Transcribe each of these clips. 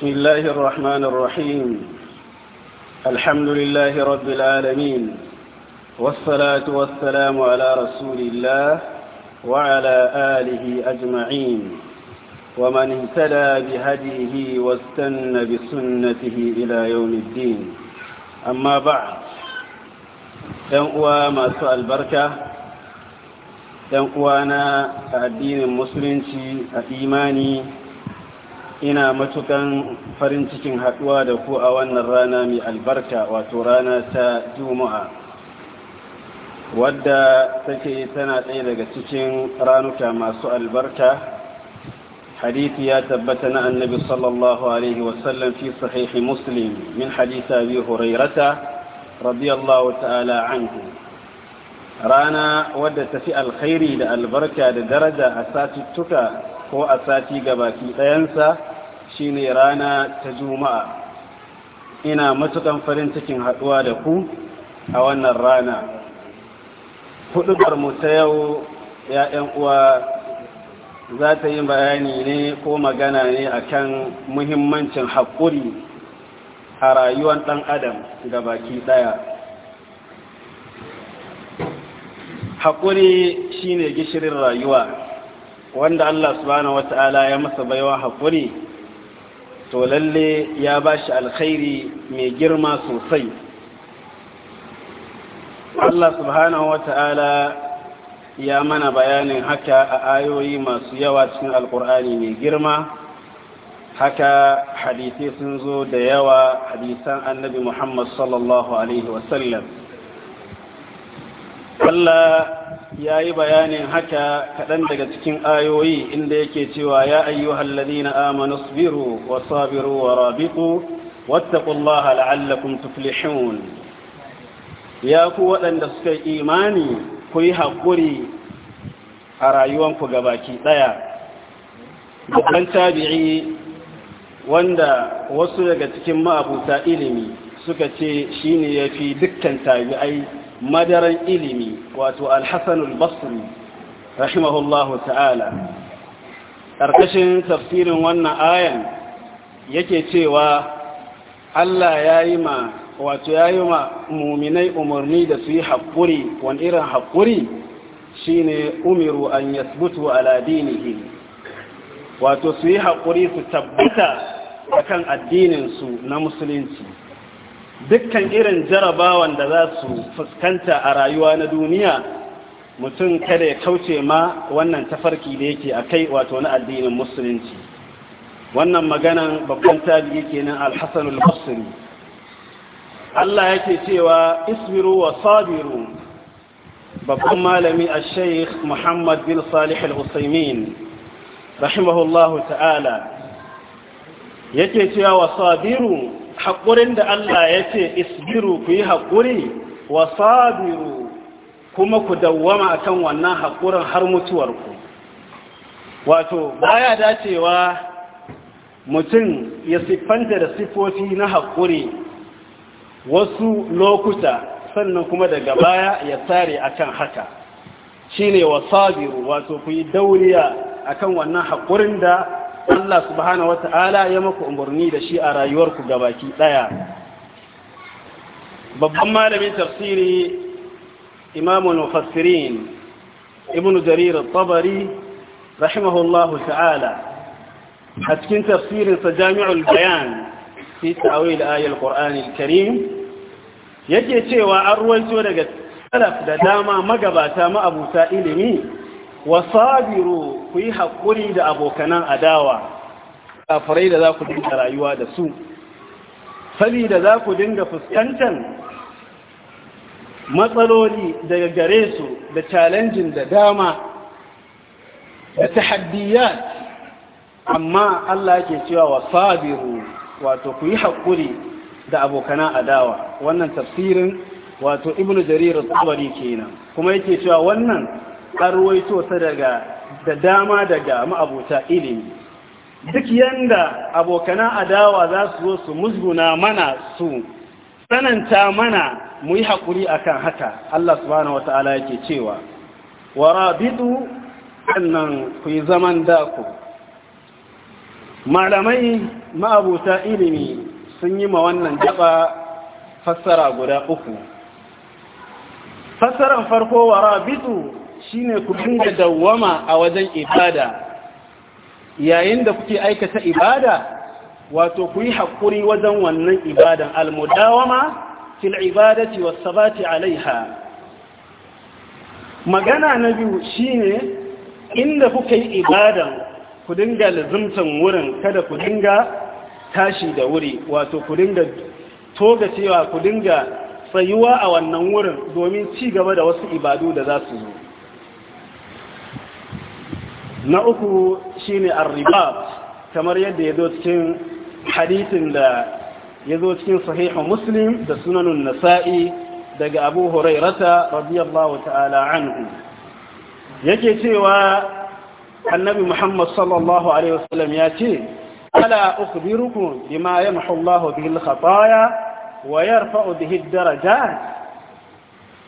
بسم الله الرحمن الرحيم الحمد لله رب العالمين والصلاة والسلام على رسول الله وعلى آله أجمعين ومن اهتدى بهديه واستنى بسنته إلى يوم الدين أما بعد ينقوى ما سأل بركة ينقوانا الدين المسلم إيماني ina matukan farin cikin haduwa da ku a wannan rana mai albarka wato rana ta juma'a wadda take tana ɗaya daga cikin ranuka masu albarka hadithi ya tabbata na annabi sallallahu alaihi wasallam fi sahihi muslim min haditha bi hurairata radiyallahu ta'ala anhu rana wadda ta fi alkhairi da albarka da daraja a sati tuka ko a sati gabaki ɗayansa shine rana ta juma'a ina matukan farin cikin haɗuwa da ku a wannan rana hudubar mu ta yau ya'yan uwa za ta yi bayani ne ko magana ne akan muhimmancin haƙuri a rayuwar ɗan adam ga baki ɗaya haƙuri shine gishirin rayuwa wanda Allah subhanahu wata'ala ya masa baiwa haƙuri to lalle ya ba shi alkhairi mai girma sosai Allah subhanahu wa ta'ala ya mana bayanin haka a ayoyi masu yawa cikin alkur'ani mai girma haka hadisai sun zo da yawa hadisan annabi muhammad sallallahu alaihi wasallam Allah ya yi bayanin haka kaɗan daga cikin ayoyi inda yake cewa ya ayyuhal na amanu sabiru wa sabiru wa wata wattaqullaha la'allakum tuflishun ya ku waɗanda suka imani ku yi haƙuri a rayuwanku gabaki ɗaya babban tabi'i wanda wasu daga cikin ma'abuta ilimi suka ce shi ne ya fi dukkan tabi'ai madaran ilimi wato alhassanul basri rahimahullahu ta'ala ƙarƙashin tafsirin wannan ayan yake cewa Allah ya yi ma wato ya yi ma muminai umarni da su yi haƙuri wani irin haƙuri shi ne umiru an yasbutu ala dinihi wato su yi haƙuri su tabbata kan addininsu na musulunci dukkan irin jarabawan da za su fuskanta a rayuwa na duniya mutum kada ya kauce ma wannan tafarki da yake a kai wato na addinin musulunci wannan maganan babban tabi'i kenan al-hasan basri Allah yake cewa isbiru wa sabiru babban malami a sheikh Muhammad bin Salih al-Usaimin rahimahullahu ta'ala yake cewa wa sabiru haƙurin da Allah ya ce isbiru ku yi haƙuri wa sabiru kuma ku dawwama kan wannan haƙurin har mutuwarku wato baya dacewa mutum ya siffanta da siffofi na haƙuri wasu lokuta sannan kuma daga baya ya tsare kan haka shine wa sabiru wato ku yi dauriya kan wannan haƙurin da Allah subhanahu wata'ala ya maku umarni da shi a rayuwarku gabaki daya babban malamin tafsiri imamul mufassirin ibn jarir at-tabari rahimahullahu ta'ala a cikin tafsirinsa jami'ul bayan fi ta'awil ayil qur'anil karim yake cewa an ruwaito daga salaf da dama magabata ma'abuta ilimi wasabiru ku yi haƙuri da abokanan adawa kafirai da za ku dinga rayuwa da su fali da za ku dinga fuskantar matsaloli daga gare su da challenging da dama da tahaddiyat amma Allah ke cewa wa sabiru wato ku yi haƙuri da abokanan adawa wannan tafsirin wato ibnu jarir al-tabari kenan kuma yake cewa wannan karwaito ta daga da dama daga ma'abota ilimi duk yanda abokana adawa za su zo su musguna mana su tsananta mana mu yi haƙuri akan haka Allah subhanahu ta'ala yake cewa wa rabidu annan ku yi zaman daku malamai ma'abuta ilimi sun yi ma wannan jaba fassara guda uku fassaran farko wa rabidu shine ku dinga dawwama a wajen ibada yayin da kuke aikata ibada wato ku yi haƙuri wajen wannan ibadan almudawama fil ibadati was sabati alaiha magana na biyu shine inda kuke yi ibadan ku dinga lazumtan wurin kada ku dinga tashi da wuri wato ku dinga toga cewa ku dinga tsayuwa a wannan wurin domin ci gaba da wasu ibadu da za su zo na uku shine ar-ribat kamar yadda ya zo cikin da ya zo cikin sahihu muslim da sunanun nasa'i daga abu hurairata radiyallahu ta'ala anhu yake cewa annabi muhammad sallallahu alaihi wasallam ya ce ala ukhbirukum bima yamhu Allahu bihi al wa yarfa'u bihi ad-darajat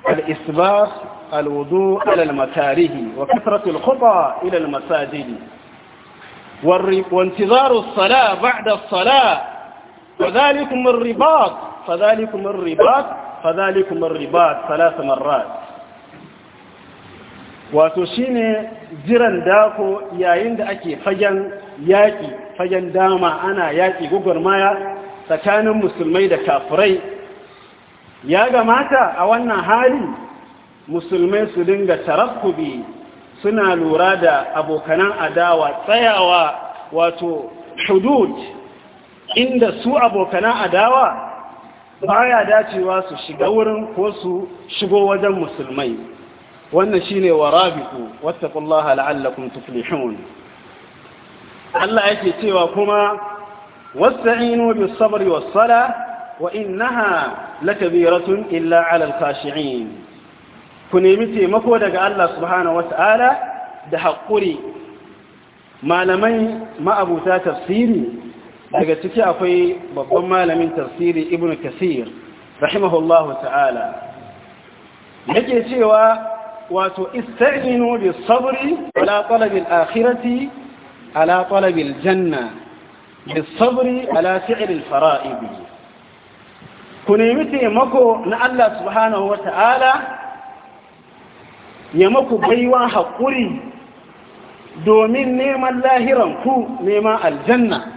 al-isbagh الوضوء على المكاره وكثرة الخطى إلى المساجد وانتظار الصلاة بعد الصلاة وذلكم الرباط فذلكم الرباط فذلكم الرباط ثلاث مرات wato shine jiran dako yayin da ake fagen yaƙi fagen dama ana yaƙi gugurmaya tsakanin musulmai da kafirai ya gamata a wannan hali musulmai su dinga tarakkubi suna lura da abokanan adawa tsayawa wato hudud inda su abokanan adawa baya dacewa su shiga wurin ko su shigo wajen musulmai wannan shine warabiku wattaqullaha la'allakum tuflihun Allah yake cewa kuma wasta'inu bi sabari wa sala wa innaha lakabiratun illa 'alal khashi'in ku nemi taimako daga Allah subhanahu wata'ala da haƙuri malamai ma'abuta tafsiri daga ciki akwai babban malamin tafsiri ibn kasir rahimahullahu ta'ala yake cewa wato ista'inu bi sabri ala talabi akhirati ala talabi janna bi sabri ala fi'l al ku nemi taimako na Allah subhanahu wata'ala ya maku baiwa haƙuri domin neman lahiran ku neman aljanna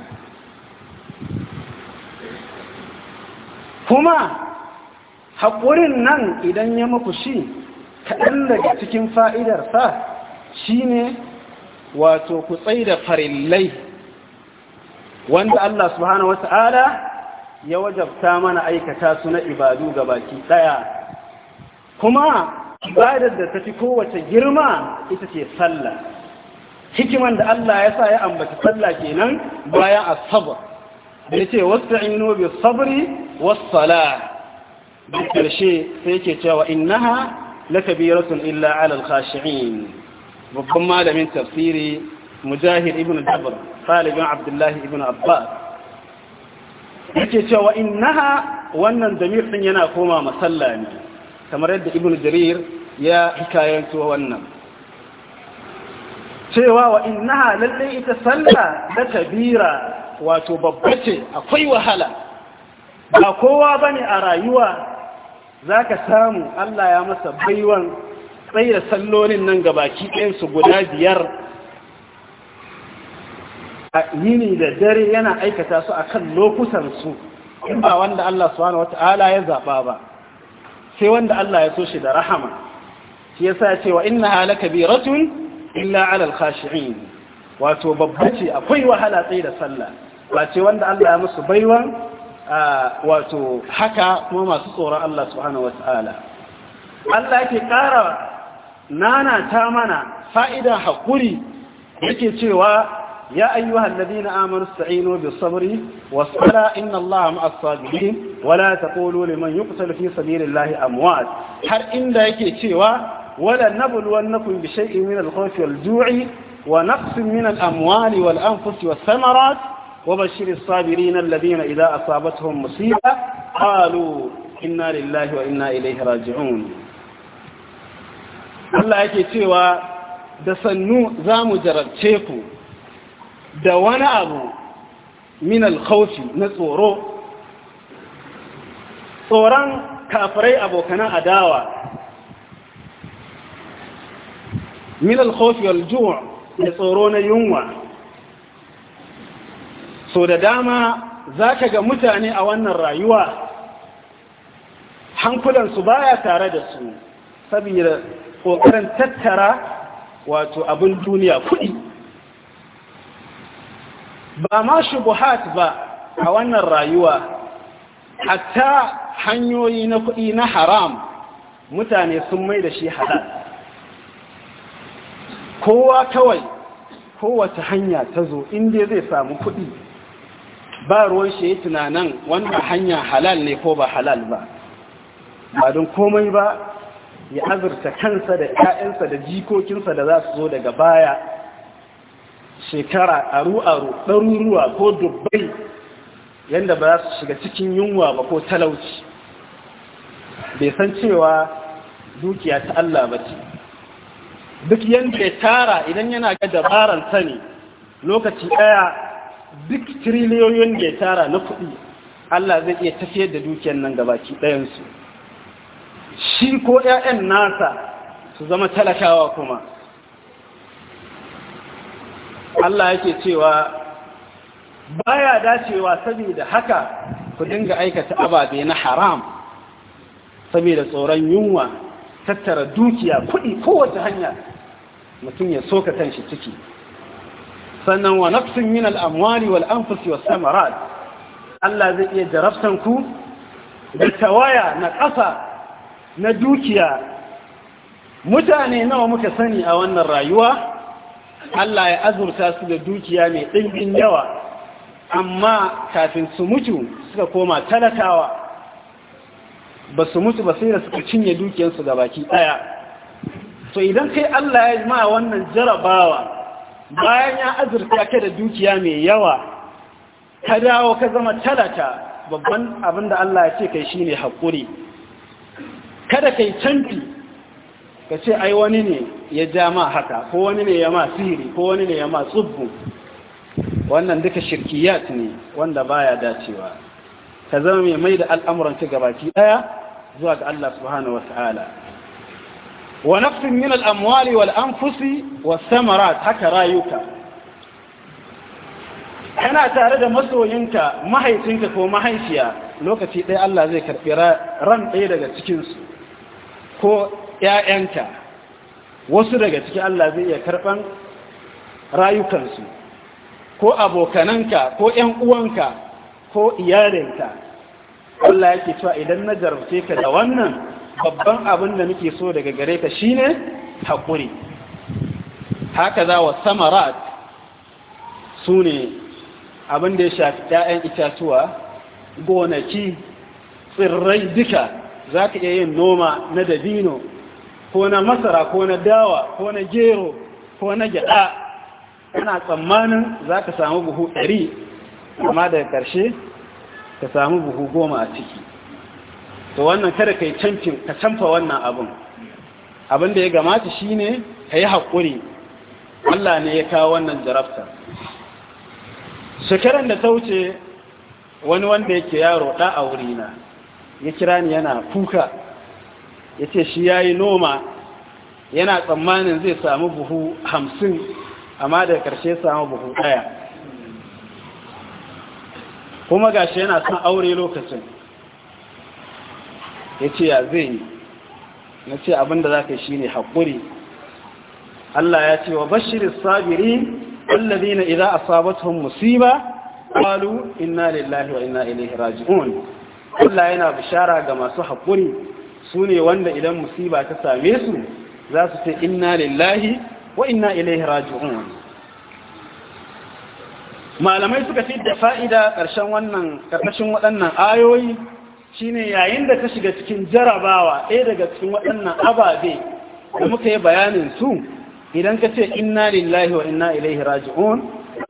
kuma haƙurin nan idan ya maku shi kaɗan daga cikin fa'idarsa shi ne wato ku tsaye da farillai wanda Allah subhanahu Ala ya wajabta mana aikata su na ibadu ga baki ɗaya kuma ibadar da ta fi kowace girma ita ce sallah hikiman da Allah ya sa ya ambaci sallah kenan bayan asabar da ya ce wasta'inu bi sabri wasala salah da ƙarshe sai ke cewa innaha lakabiratun illa alal khashiin babban malamin tafsiri mujahid ibn dabr talibin abdullahi ibn abbas yake cewa innaha wannan damir ɗin yana koma masalla ne kamar yadda ibn jarir ya hikayanto wannan cewa wa innaha lalle ita sallah da kabira wato babba ce akwai wahala ba kowa bane a rayuwa zaka samu Allah ya masa baiwan tsaye sallolin nan gabaki ɗayan su guda biyar a yini da dare yana aikata su akan lokutan su in ba wanda Allah subhanahu wata'ala ya zaba ba sai wanda Allah ya so shi da rahama shi yasa ya ce wa inna halaka bi ratun illa alal khashi'in wato babba ce akwai wahala tsaye da sallah ba ce wanda Allah ya musu baiwa wato haka kuma masu tsoron Allah subhanahu wata'ala Allah yake ƙara nana ta mana fa'idan haƙuri yake cewa يا أيها الذين آمنوا استعينوا بالصبر والصلاة إن الله مع الصابرين ولا تقولوا لمن يقتل في سبيل الله أموات حر إن ذلك تيوى ولا نبلونكم بشيء من الخوف والجوع ونقص من الأموال والأنفس والثمرات وبشر الصابرين الذين إذا أصابتهم مصيبة قالوا إنا لله وإنا إليه راجعون الله يكي تيوى da sannu za mu jarabce ku da wani abu min alkhawfi na tsoro tsoron kafirai abokanan adawa min alkhawfi wal da tsoro na yunwa so da dama zaka ga mutane a wannan rayuwa hankulansu baya tare da su saboda kokarin tattara wato abin duniya kuɗi ba ma buhat ba a wannan rayuwa hatta hanyoyi na kuɗi na haram mutane sun mai da shi halal kowa kawai kowace hanya ta zo inda zai samu kuɗi ba ruwan shi yi tunanin wannan hanya halal ne ko ba halal ba ba don komai ba ya azurta kansa da 'ya'yansa da jikokinsa da za su zo daga baya shekara aru-aru ɗaruruwa ko dubbai yadda ba za su shiga cikin yunwa ba ko talauci bai san cewa dukiya ta Allah ba ce duk yadda ya tara idan yana ga dabarar ta ne lokaci ɗaya duk triliyoyin da ya tara na kuɗi Allah zai iya tafiyar da dukiyar nan gabaki ɗayansu shi ko ‘ya'yan nasa su zama talakawa kuma Allah yake cewa baya dacewa saboda haka ku dinga aikata ababe na haram saboda tsoron yunwa tattara dukiya kuɗi kowace hanya mutum ya soka kanshi ciki sannan wa nafsin min al'amwali wal anfusi was samarat Allah zai iya jarabtan ku da tawaya na ƙasa na dukiya mutane nawa muka sani a wannan rayuwa Allah ya azurta su da dukiya mai ɗimbin yawa amma kafin su mutu suka koma talatawa ba su mutu ba sai da suka cinye dukiyarsu ga baki ɗaya to idan kai Allah ya ma wannan jarabawa bayan ya azurta ka da dukiya mai yawa ka dawo ka zama talata babban abin da Allah ya ce kai shi ne haƙuri kada kai canfi ka ce ai wani ne ya ja ma haka ko wani ne ya ma sihiri ko wani ne ya ma tsubbu wannan duka shirkiyat ne wanda baya dacewa ka zama mai mai da ci gabaki ɗaya zuwa ga Allah subhanahu wata'ala wa nafsin min al'amwali wal anfusi wa samarat haka rayuka kana tare da masoyinka mahaifinka ko mahaifiya lokaci ɗaya Allah zai karɓi ran ɗaya daga cikinsu ko ‘ya'yanta wasu daga ciki Allah zai iya karɓan rayukansu ko abokananka ko ‘yan uwanka ko iyalinka Allah yake cewa idan na jarumce ka da wannan babban abin da muke so daga gare ka shine hakuri. haka za wa samarat su ne abin da ya shafi ‘ya'yan itatuwa gonaki tsirrai duka za ka iya yin noma na dabino ko na masara ko na dawa ko na gero ko na gyada ana tsammanin za ka samu buhu ɗari amma daga ƙarshe ka samu buhu goma a ciki to wannan kada ka yi ka canfa wannan abin abin da ya gamata ne ka yi haƙuri Allah ne ya kawo wannan jarabta shekaran da ta wuce wani wanda yake yaro ɗa a wurina ya kira ni yana kuka ya ce shi ya yi noma yana tsammanin zai samu buhu hamsin amma da karshe samu buhu ɗaya kuma gashi yana son aure lokacin ya ce ya zai yi na ce abinda za ka shi ne haƙuri Allah ya ce wa bashirin sabiri wallazi na idan musiba ƙwalu inna lillahi wa inna ilaihi raji'un Allah yana bishara ga masu haƙuri su ne wanda idan musiba ta same su za su ce inna lillahi wa inna ilaihi raji'un malamai suka fi da fa'ida ƙarshen wannan ƙarƙashin waɗannan ayoyi shine yayin da ka shiga cikin jarabawa ɗaya daga cikin waɗannan ababe da muka yi bayanin su idan ka ce inna lillahi wa inna ilaihi raji'un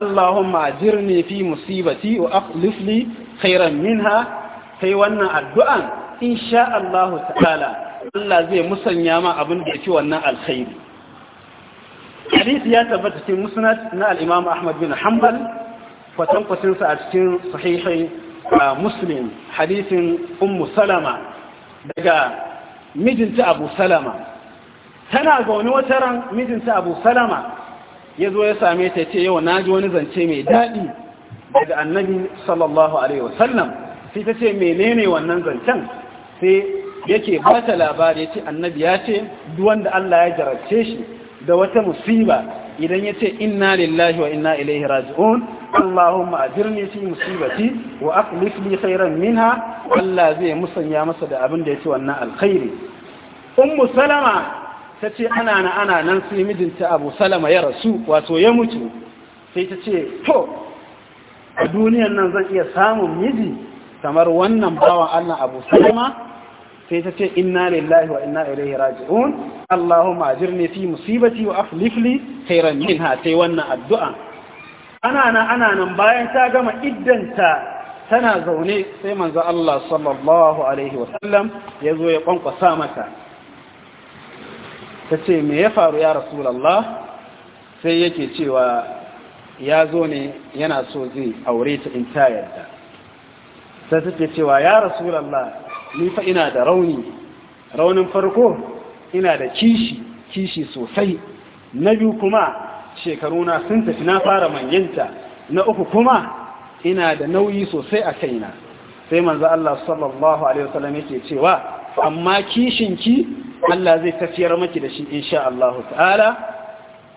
Allahumma ajirni fi musibati wa akhlif khairan minha kai wannan addu'an insha Allah ta'ala Allah zai musanya ma abin da yake wannan alkhairi hadisi ya tabbata cikin musnad na al-Imam Ahmad bin Hanbal kwatan kwatin sa a cikin sahihai Muslim hadisin Ummu Salama daga mijinta Abu Salama tana gauni wata ran mijinta Abu Salama ya zo ya same ta ce yau na ji wani zance mai daɗi daga annabi sallallahu alaihi wasallam sai ta ce menene wannan zancen sai yake ba ta labari ya ce annabi ya ce duwanda Allah ya jarabce shi da wata musiba idan ya ce inna lillahi wa inna ilaihi raji'un Allahumma ajirni shi musibati wa aqlif li khairan minha Allah zai musanya masa da abin da yake wannan alkhairi ummu salama tace ana na ana nan sai mijinta Abu Salama ya rasu wato ya mutu sai tace to a duniyar nan zan iya samun miji kamar wannan bawan Allah Abu Salama sai ta ce inna lillahi wa inna ilaihi raji'un Allahumma ajirni fi musibati wa aflif li khairan minha sai wannan addu'a ana nan ana nan bayan ta gama iddanta tana zaune sai manzo Allah sallallahu alaihi wa sallam ya zo ya kwankwasa mata ta ce me ya faru ya rasulullah sai yake cewa ya zo ne yana so zai aure ta in ta yarda sai take cewa ya rasulallah ni fa ina da rauni raunin farko ina da kishi kishi sosai na biyu kuma shekaruna sun tafi na fara manyanta na uku kuma ina da nauyi sosai a kaina sai manzo Allah sallallahu alaihi wasallam yake cewa amma kishin ki Allah zai tafiyar maki da shi insha Allah ta'ala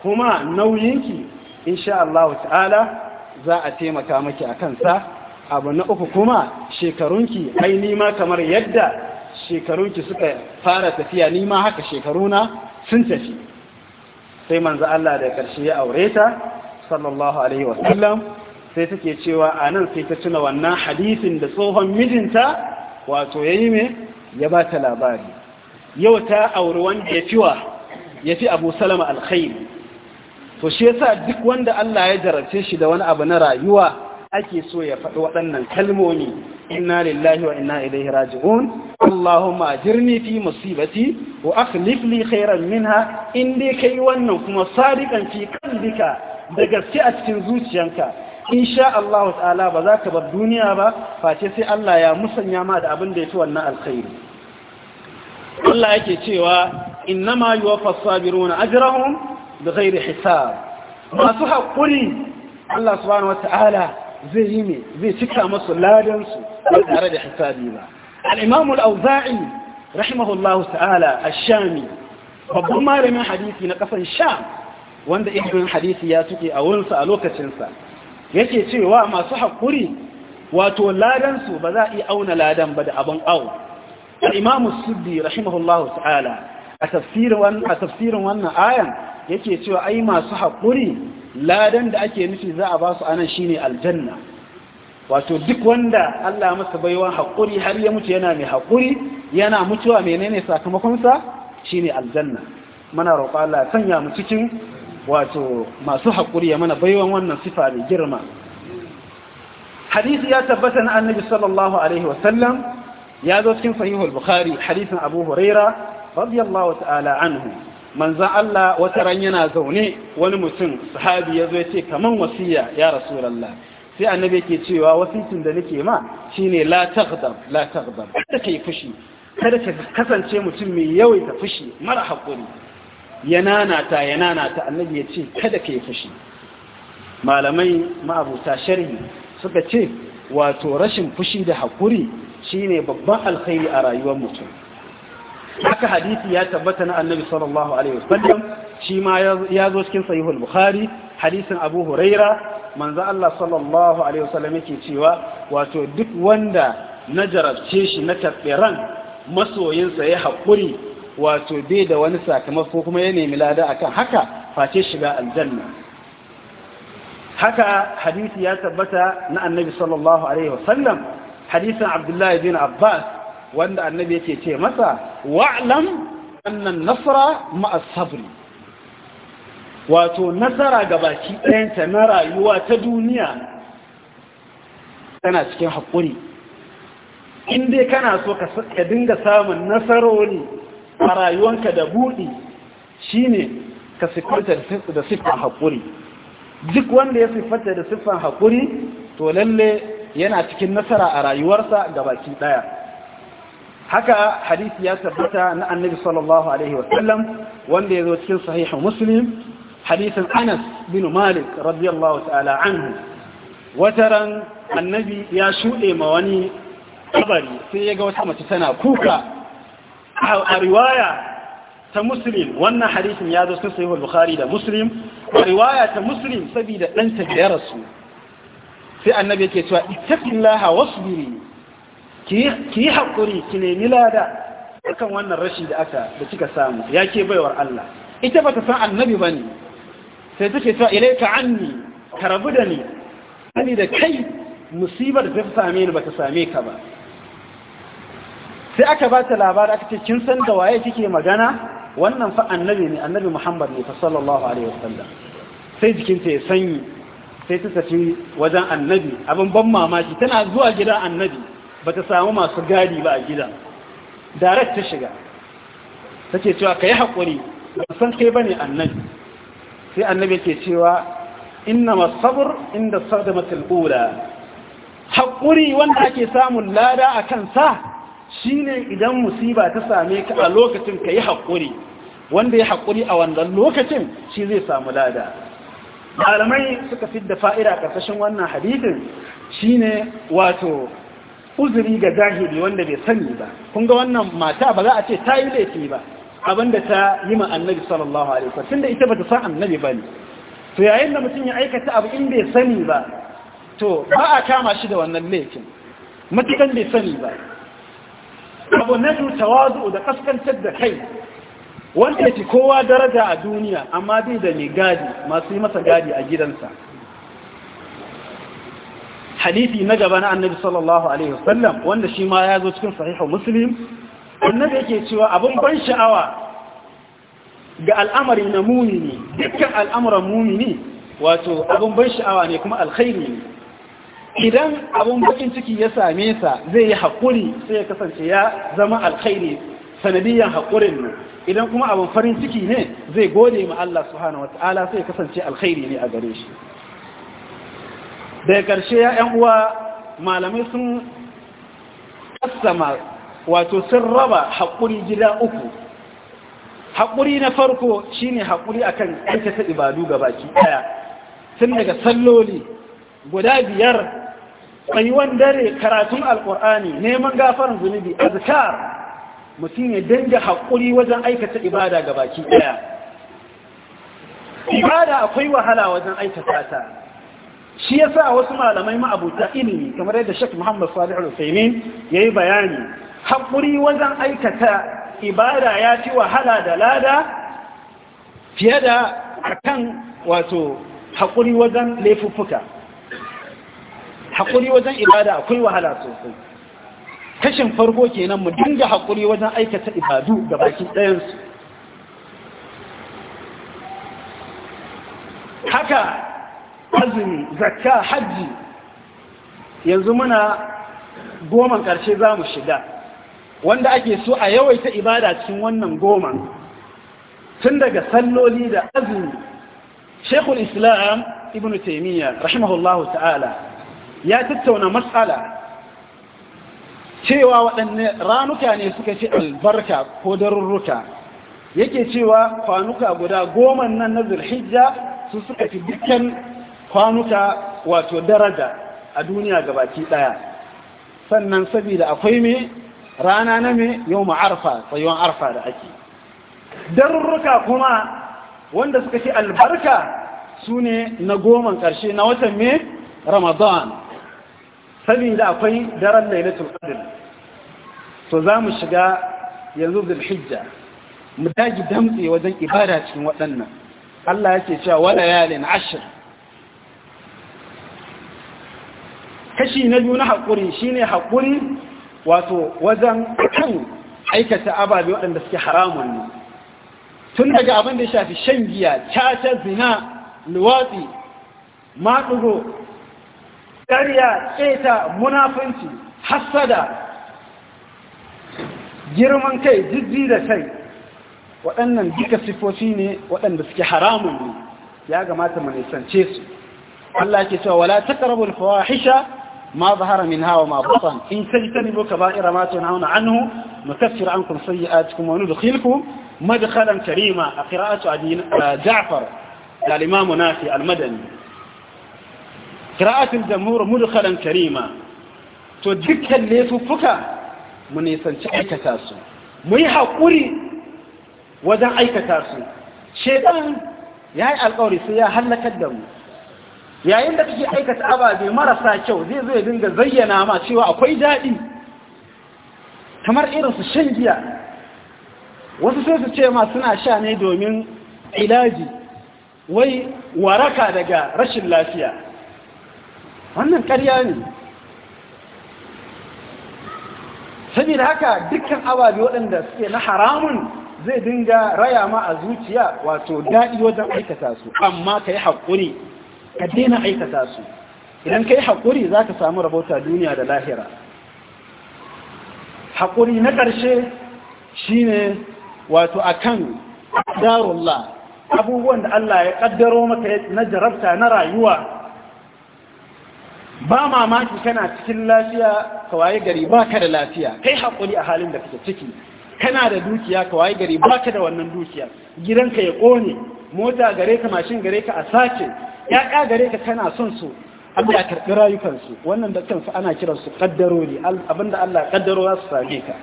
kuma nauyinki insha Allah ta'ala za a taimaka maki akan sa abu na uku kuma shekarunki ai nima kamar yadda shekarunki suka fara tafiya nima haka shekaruna sun tafi sai manzo Allah da karshe ya aure ta sallallahu alaihi wasallam sai take cewa anan sai ta tuna wannan hadisin da tsohon mijinta wato yayi me ya ba ta labari yau ta auri wanda ya fiwa ya fi Abu Salama alkhairi to shi yasa duk wanda Allah ya jarabce shi da wani abu na rayuwa ake so ya faɗi waɗannan kalmomi inna lillahi wa inna ilaihi raji'un Allahumma ajirni fi musibati wa akhlif li khairan minha Inde dai kai wannan kuma sadiqan fi qalbika da gaske a cikin zuciyanka insha Allah ta'ala ba za ka bar duniya ba face sai Allah ya musanya ma da abin da yafi wannan alkhairi Allah yake cewa innama yuwaffas sabiruna ajrahum bighairi hisab masu haƙuri Allah subhanahu zai yi ne zai cika masu ladansu ba tare da hisabi ba al'imamu auza'i rahimahullahu ta'ala a shami babban malamin hadisi na kasan sham wanda ilimin hadisi ya suke a wurinsa a lokacinsa yake cewa masu haƙuri wato ladansu ba za a iya auna ladan ba da abin au al'imamu suddi rahimahullahu ta'ala a tafsirin wannan ayan yake cewa ai masu haƙuri ladan da ake nufi za a ba su anan shine aljanna wato duk wanda Allah masa baiwa haƙuri har ya mutu yana mai haƙuri yana mutuwa menene sakamakonsa shine aljanna muna roƙo Allah sanya mu cikin wato masu haƙuri ya mana baiwan wannan sifa mai girma hadisi ya tabbata na annabi sallallahu alaihi ya zo cikin sahihul bukhari hadisin abu huraira radiyallahu ta'ala anhu manzan Allah wata ran yana zaune wani mutum sahabi ya zo ya ce kaman wasiya ya lallah, sai annabi yake cewa wasitin da nake ma shine la taghdab la taghdab kada fushi kada ka kasance mutum mai yawaita fushi mara haƙuri. ya nanata ya annabi ya ce kada yi fushi malamai ma'abuta sharhi suka ce wato rashin fushi da hakuri shine babban alkhairi a rayuwar mutum haka hadisi ya tabbata na annabi sallallahu alaihi wasallam shi ma ya zo cikin sahihul bukhari hadisin abu huraira manzo Allah sallallahu alaihi wasallam yake cewa wato duk wanda na jarabce shi na tabiran masoyinsa ya haƙuri wato bai da wani sakamako kuma ya nemi lada akan haka face shiga aljanna haka hadisi ya tabbata na annabi sallallahu alaihi wasallam hadisin abdullahi bin abbas wanda annabi yake ce masa wa'lam annan nasra ma'a sabri wato nasara ga baki ɗayanta na rayuwa ta duniya tana cikin haƙuri in dai kana so ka dinga samun nasarori a rayuwanka da buɗi shine ka siffanta da siffan haƙuri duk wanda ya siffanta da siffan hakuri to lalle yana cikin nasara a rayuwarsa ga baki ɗaya haka hadisi ya tabbata na annabi sallallahu alaihi wasallam wanda ya zo cikin sahih muslim hadisin anas bin malik radiyallahu ta'ala anhu wataran annabi ya shuɗe ma wani kabari sai ya ga wata mace tana kuka a riwaya ta muslim wannan hadisin ya zo cikin sahih bukhari da muslim a riwaya ta muslim saboda ɗanta da ya rasu sai annabi yake cewa ittaqillaha wasbiri ki yi haƙuri ki nemi lada akan wannan rashi da aka da kika samu ya ke baiwar Allah ita ba ta san annabi ba ne. sai take cewa ilaika anni ka rabu da ni ni da kai musibar da ta same ni ba ta same ka ba sai aka ba ta labar aka ce kin san da waye kike magana wannan fa annabi ne annabi Muhammad ne sallallahu alaihi wasallam sai jikinta ya sanyi sai ta tafi wajen annabi abin ban mamaki tana zuwa gidan annabi ba ta samu masu gadi ba a gidan direct ta shiga ta ce cewa ka yi haƙuri ba san kai ba ne annabi sai annabi ke cewa inna masabur inda sarda matsalƙula haƙuri wanda ake samun lada a kansa shi ne idan musiba ta same ka a lokacin ka yi haƙuri wanda ya haƙuri a wannan lokacin shi zai samu lada malamai suka fi da fa'ida ƙarfashin wannan hadithin shi ne wato uzuri ga zahiri wanda bai sani ba kun ga wannan mata ba za a ce ta yi laifi ba abinda ta yi ma annabi sallallahu alaihi wasallam tunda ita bata san annabi ba ne to yayin da mutum ya aikata abu in bai sani ba to ba a kama shi da wannan laifin matukan bai sani ba abu na tawazu da kaskantar da kai wanda ya ci kowa daraja a duniya amma bai da mai gadi masu yi masa gadi a gidansa hadisi na gaba na annabi sallallahu alaihi wasallam wanda shi ma ya zo cikin sahihu muslim annabi yake cewa abin ban sha'awa ga al'amari na mumini dukkan al'amuran mumini wato abin ban sha'awa ne kuma alkhairi ne idan abun bakin ciki ya same sa zai yi hakuri sai ya kasance ya zama alkhairi sanadiyan haƙurin nan idan kuma abun farin ciki ne zai gode ma Allah subhanahu wataala sai ya kasance alkhairi ne a gare shi daga ƙarshe ‘yan uwa malamai sun ƙasama wato sun raba haƙuri gida uku haƙuri na farko shine haƙuri akan aikata ibadu ga baki ɗaya tun daga salloli guda biyar tsayuwan dare karatun alƙur'ani neman gafarin zunubi azkar mutum ya danga haƙuri wajen aikata ibada ga baki ɗaya ibada akwai wahala wajen aikata ta shi ya yasa wasu malamai ma'abuta ilimi kamar yadda Sheikh Muhammad Salih al ya yi bayani haƙuri wajen aikata ibada ya ci wahala da lada fiye da akan wato haƙuri wajen laifuffuka Haƙuri wajen ibada akwai wahala sosai kashin farko kenan mu dinga haƙuri wajen aikata ibadu ga baki ɗayansu haka azumi zakka hajji yanzu muna goman karshe za mu shiga wanda ake so a yawaita ibada cikin wannan goman tun daga salloli da azumi shekul islam ibn taimiyya rahimahullahu ta'ala ya tattauna matsala cewa waɗanne ranuka ne suka ce albarka ko darurruka yake cewa kwanuka guda goma nan na zulhijja su suka fi dukkan kwanuka wato daraja a duniya gabaki daya sannan saboda akwai me rana na me yau ma'arfa tsayuwan arfa da ake darurruka kuma wanda suka fi albarka su ne na goma ƙarshe na watan me ramadan saboda akwai daren lailatul qadr to za mu shiga yanzu zulhijja mu daji damtse wajen ibada cikin waɗannan Allah yake cewa wala yalin ashir. kashi na biyu na haƙuri shine haƙuri wato wajen kan aikata ababe waɗanda suke haramun ne tun daga abin da ya shafi shan giya caca zina luwatsi maɗugo ƙarya ƙeta munafunci hassada girman kai jijji da kai waɗannan duka sifofi ne waɗanda suke haramun ne ya gamata mu nisance su Allah ke cewa wala taqrabul fawahisha ما ظهر منها وما بطن إن تجتنبوا كبائر ما تنهون عنه نكفر عنكم سيئاتكم وندخلكم مدخلا كريما قراءة جعفر الإمام نافي المدني قراءة الجمهور مدخلا كريما تدك ليففك من يسنشأك تاسو ميها قري وزن أيك تاسو شيطان يا القوري سيا هلك الدم yayin da kake aikata ababe marasa kyau zai zo ya dinga zayyana ma cewa akwai daɗi kamar irin su shan giya wasu sai su ce ma suna sha ne domin ilaji wai waraka daga rashin lafiya wannan ƙarya ne saboda haka dukkan ababe waɗanda suke na haramun zai dinga raya ma a zuciya wato daɗi wajen aikata su amma ka yi haƙuri ka daina aikata su idan ka yi haƙuri za ka samu rabota duniya da lahira haƙuri na ƙarshe shine wato a akan darullah abubuwan da Allah ya ƙaddaro maka na jarabta na rayuwa ba mamaki kana cikin lafiya ka gari ba ka da lafiya kai haƙuri a halin da kake ciki kana da dukiya ka waye gari baka da wannan dukiya gidanka ya kone mota gare ka mashin gare ka a sace ya gare ka kana son su Allah ya karɓi rayukansu wannan da kansu ana su kaddarori abinda Allah kaddaro za su same ka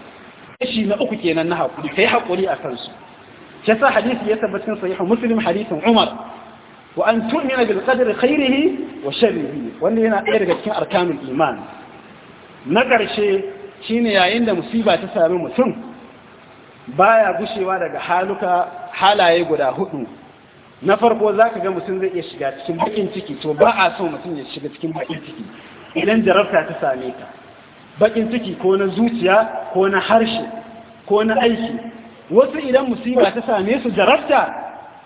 kashi na uku kenan na hakuri kai hakuri a kansu ya sa hadisi ya tabbatar sahih muslim hadisin umar wa an tu'mina bil qadri khairihi wa sharrihi wanda yana daya daga cikin arkanul iman na ƙarshe shine yayin da musiba ta sami mutum baya gushewa daga haluka halaye guda hudu na farko za ka ga mutum zai iya shiga cikin bakin ciki to ba a so mutum ya shiga cikin bakin ciki idan jarabta ta same ka bakin ciki ko na zuciya ko na harshe ko na aiki wasu idan musiba ta same su jarabta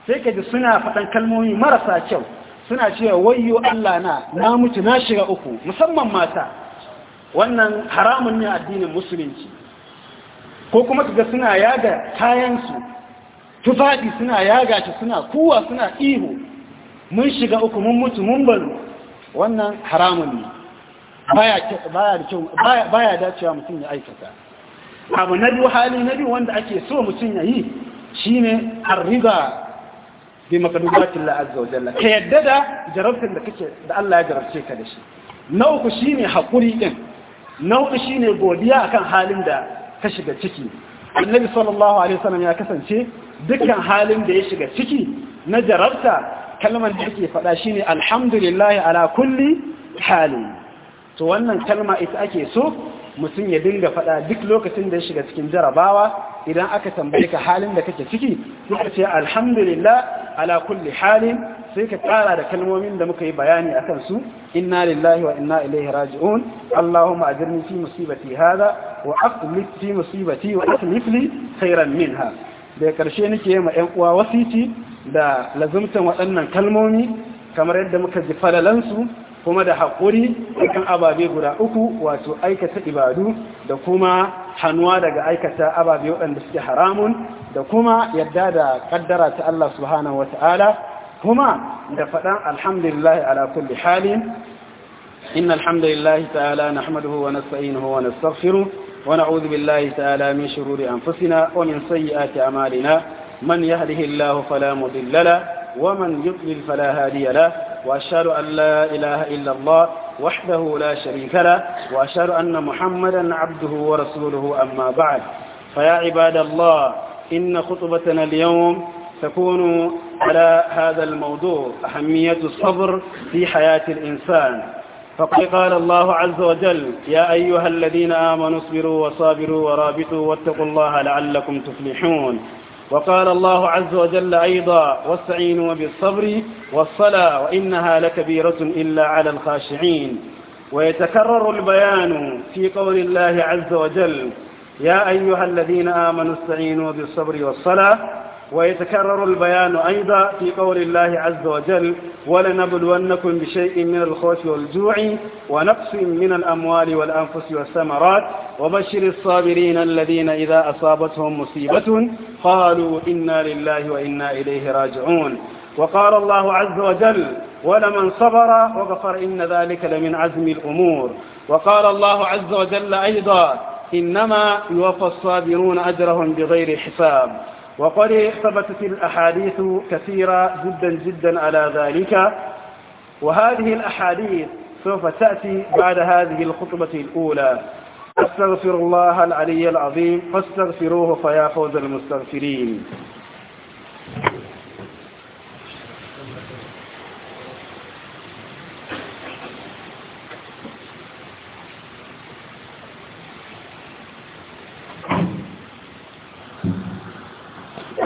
sai ka ji suna faɗan kalmomi marasa kyau suna cewa wayyo Allah na na mutu na shiga uku musamman mata wannan haramun ne addinin musulunci ko kuma ga suna yaga kayansu tufafi suna yaga shi suna kuwa suna ihu mun shiga uku mun mutu mun bar wannan haramun ne baya dacewa mutum ya aikata abu na biyu hali na biyu wanda ake so mutum ya yi shi ne arriba bi makadubatin la'azza wajalla ka yadda da jarabtin da kake da Allah ya jarabce ka da shi na uku shi ne haƙuri ɗin na uku shi ne godiya akan halin da ta shiga ciki annabi sallallahu alaihi wasallam ya kasance dukkan halin da ya shiga ciki na jarabta kalmar da yake faɗa shine alhamdulillah ala kulli hali to wannan kalma ita ake so mutum ya dinga faɗa duk lokacin da ya shiga cikin jarabawa idan aka tambaye ka halin da kake ciki sai ka ce alhamdulillah ala kulli hali. sai ka kara da kalmomin da muka yi bayani a kansu. inna lillahi wa inna ilaihi raji'un allahumma ajirni fi musibati hada wa aqli fi musibati wa aqlif khairan minha da karshe nake ma ƴan uwa wasiti da lazumtan waɗannan kalmomi kamar yadda muka ji falalan su kuma da hakuri kan ababe guda uku wato aikata ibadu da kuma hannuwa daga aikata ababe waɗanda suke haramun da kuma yadda da ƙaddara ta Allah subhanahu wata'ala هما دفتا الحمد لله على كل حال إن الحمد لله تعالى نحمده ونستعينه ونستغفره ونعوذ بالله تعالى من شرور أنفسنا ومن سيئات أعمالنا من يهده الله فلا مضل له ومن يضلل فلا هادي له وأشهد أن لا إله إلا الله وحده لا شريك له وأشهد أن محمدا عبده ورسوله أما بعد فيا عباد الله إن خطبتنا اليوم تكون على هذا الموضوع أهمية الصبر في حياة الإنسان فقد قال الله عز وجل يا أيها الذين آمنوا اصبروا وصابروا ورابطوا واتقوا الله لعلكم تفلحون وقال الله عز وجل أيضا واستعينوا بالصبر والصلاة وإنها لكبيرة إلا على الخاشعين ويتكرر البيان في قول الله عز وجل يا أيها الذين آمنوا استعينوا بالصبر والصلاة ويتكرر البيان أيضا في قول الله عز وجل ولنبلونكم بشيء من الخوف والجوع ونقص من الأموال والأنفس والثمرات وبشر الصابرين الذين إذا أصابتهم مصيبة قالوا إنا لله وإنا إليه راجعون وقال الله عز وجل ولمن صبر وغفر إن ذلك لمن عزم الأمور وقال الله عز وجل أيضا إنما يوفى الصابرون أجرهم بغير حساب وقد ثبتت الأحاديث كثيرة جدا جدا على ذلك وهذه الأحاديث سوف تأتي بعد هذه الخطبة الأولى أستغفر الله العلي العظيم فاستغفروه فيا فوز المستغفرين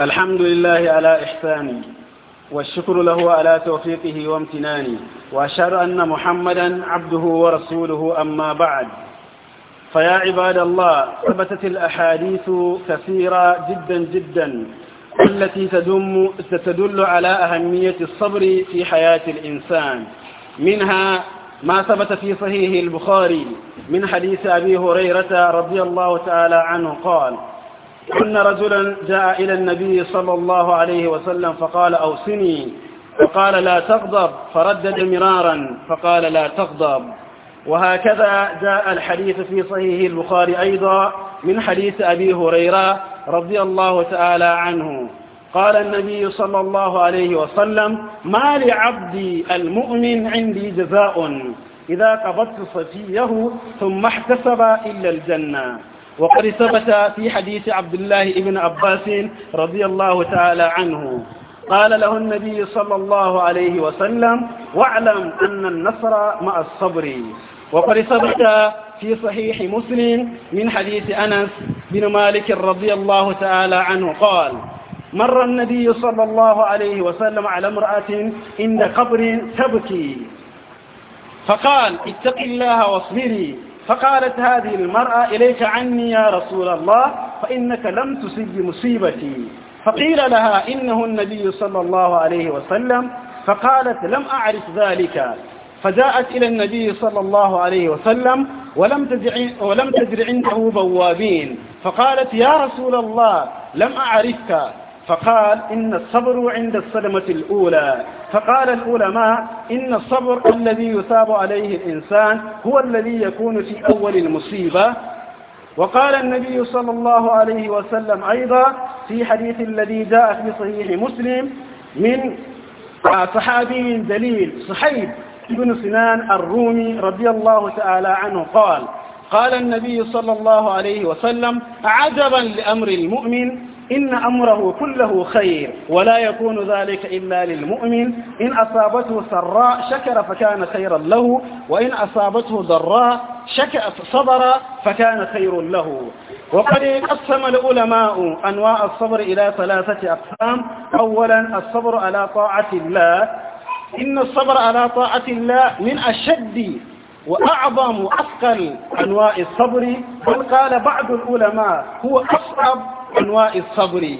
الحمد لله على إحساني والشكر له على توفيقه وامتناني وأشهد أن محمدا عبده ورسوله أما بعد فيا عباد الله ثبتت الأحاديث كثيرة جدا جدا التي تدم ستدل على أهمية الصبر في حياة الإنسان منها ما ثبت في صحيح البخاري من حديث أبي هريرة رضي الله تعالى عنه قال أن رجلا جاء إلى النبي صلى الله عليه وسلم فقال أوصني فقال لا تغضب فردد مرارا فقال لا تغضب وهكذا جاء الحديث في صحيح البخاري أيضا من حديث أبي هريرة رضي الله تعالى عنه قال النبي صلى الله عليه وسلم ما لعبدي المؤمن عندي جزاء إذا قبضت صفيه ثم احتسب إلا الجنة وقد ثبت في حديث عبد الله بن عباس رضي الله تعالى عنه قال له النبي صلى الله عليه وسلم واعلم أن النصر مع الصبر وقد ثبت في صحيح مسلم من حديث أنس بن مالك رضي الله تعالى عنه قال مر النبي صلى الله عليه وسلم على امرأة عند قبر تبكي فقال اتق الله واصبري فقالت هذه المرأة إليك عني يا رسول الله فإنك لم تسج مصيبتي فقيل لها إنه النبي صلى الله عليه وسلم فقالت لم أعرف ذلك فجاءت إلى النبي صلى الله عليه وسلم ولم تدع ولم تجر عنده بوابين فقالت يا رسول الله لم أعرفك فقال إن الصبر عند الصدمة الأولى فقال العلماء إن الصبر الذي يثاب عليه الإنسان هو الذي يكون في أول المصيبة وقال النبي صلى الله عليه وسلم أيضا في حديث الذي جاء في صحيح مسلم من صحابي دليل صحيب بن سنان الرومي رضي الله تعالى عنه قال قال النبي صلى الله عليه وسلم عجبا لأمر المؤمن إن أمره كله خير ولا يكون ذلك إلا للمؤمن إن أصابته سراء شكر فكان خيرا له وإن أصابته ضراء صبر فكان خير له وقد قسم العلماء أنواع الصبر إلى ثلاثة أقسام أولا الصبر على طاعة الله إن الصبر على طاعة الله من أشد وأعظم وأثقل أنواع الصبر بل قال بعض العلماء هو أصعب أنواع الصبر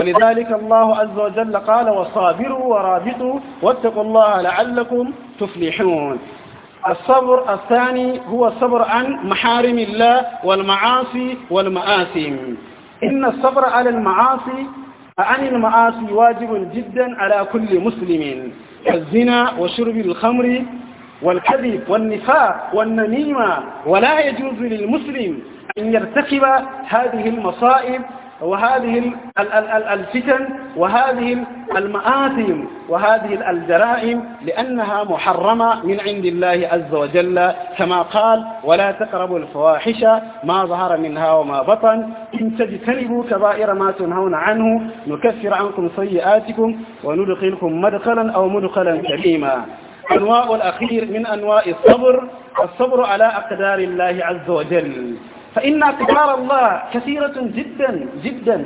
ولذلك الله عز وجل قال وصابروا ورابطوا واتقوا الله لعلكم تفلحون الصبر الثاني هو الصبر عن محارم الله والمعاصي والمآثم إن الصبر على المعاصي عن المعاصي واجب جدا على كل مسلم الزنا وشرب الخمر والكذب والنفاق والنميمة ولا يجوز للمسلم أن يرتكب هذه المصائب وهذه الفتن وهذه المآثم وهذه الجرائم لأنها محرمة من عند الله عز وجل كما قال ولا تقربوا الفواحش ما ظهر منها وما بطن إن تجتنبوا كبائر ما تنهون عنه نكفر عنكم سيئاتكم وندخلكم مدخلا أو مدخلا كريما أنواع الأخير من أنواع الصبر الصبر على أقدار الله عز وجل فإن أقدار الله كثيرة جدا جدا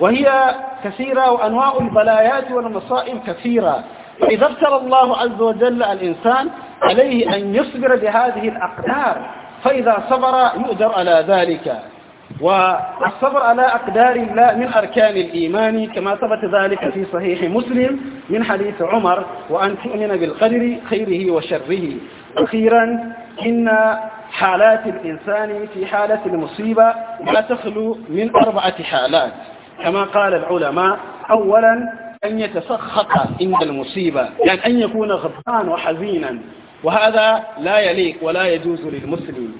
وهي كثيرة وأنواع البلايات والمصائب كثيرة فإذا ابتلى الله عز وجل الإنسان عليه أن يصبر بهذه الأقدار فإذا صبر يؤجر على ذلك والصبر على أقدار الله من أركان الإيمان كما ثبت ذلك في صحيح مسلم من حديث عمر وأن تؤمن بالقدر خيره وشره أخيرا إن حالات الإنسان في حالة المصيبة لا تخلو من أربعة حالات كما قال العلماء أولا أن يتسخط عند المصيبة يعني أن يكون غضبان وحزينا وهذا لا يليق ولا يجوز للمسلم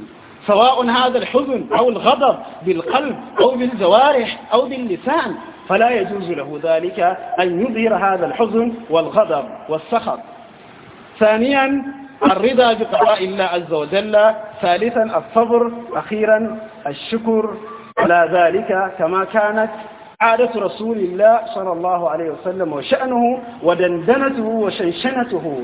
سواء هذا الحزن أو الغضب بالقلب أو بالجوارح أو باللسان فلا يجوز له ذلك أن يظهر هذا الحزن والغضب والسخط ثانيا الرضا بقضاء الله عز وجل ثالثا الصبر أخيرا الشكر على ذلك كما كانت عادة رسول الله صلى الله عليه وسلم وشأنه ودندنته وشنشنته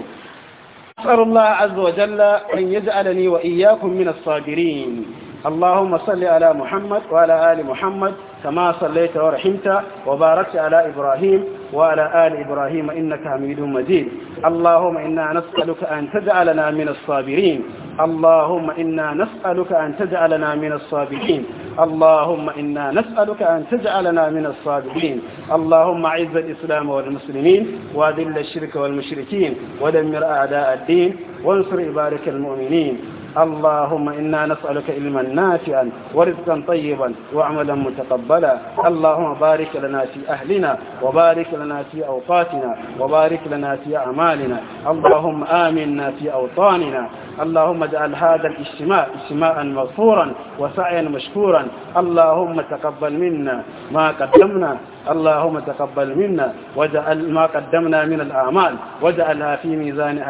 أسأل الله عز وجل أن يجعلني وإياكم من الصابرين اللهم صل على محمد وعلى آل محمد كما صليت ورحمت وباركت على إبراهيم وعلى آل إبراهيم إنك حميد مجيد اللهم إنا نسألك أن تجعلنا من الصابرين اللهم إنا نسألك أن تجعلنا من الصابرين اللهم إنا نسألك أن تجعلنا من الصابرين اللهم أعز الإسلام والمسلمين وأذل الشرك والمشركين ودمر أعداء الدين وانصر عبادك المؤمنين اللهم إنا نسألك علما نافعا ورزقا طيبا وعملا متقبلا اللهم بارك لنا في أهلنا وبارك لنا في أوقاتنا وبارك لنا في أعمالنا اللهم آمنا في أوطاننا اللهم اجعل هذا الاجتماع اجتماعا مغفورا وسعيا مشكورا اللهم تقبل منا ما قدمنا اللهم تقبل منا واجعل ما قدمنا من الأعمال واجعلها في ميزان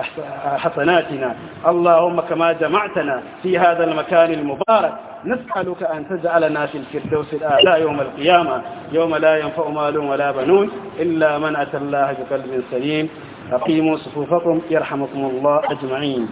حسناتنا اللهم كما جمعتنا في هذا المكان المبارك نسألك أن تجعلنا في الفردوس الأعلى يوم القيامة يوم لا ينفع مال ولا بنون إلا من أتى الله بقلب سليم أقيموا صفوفكم يرحمكم الله أجمعين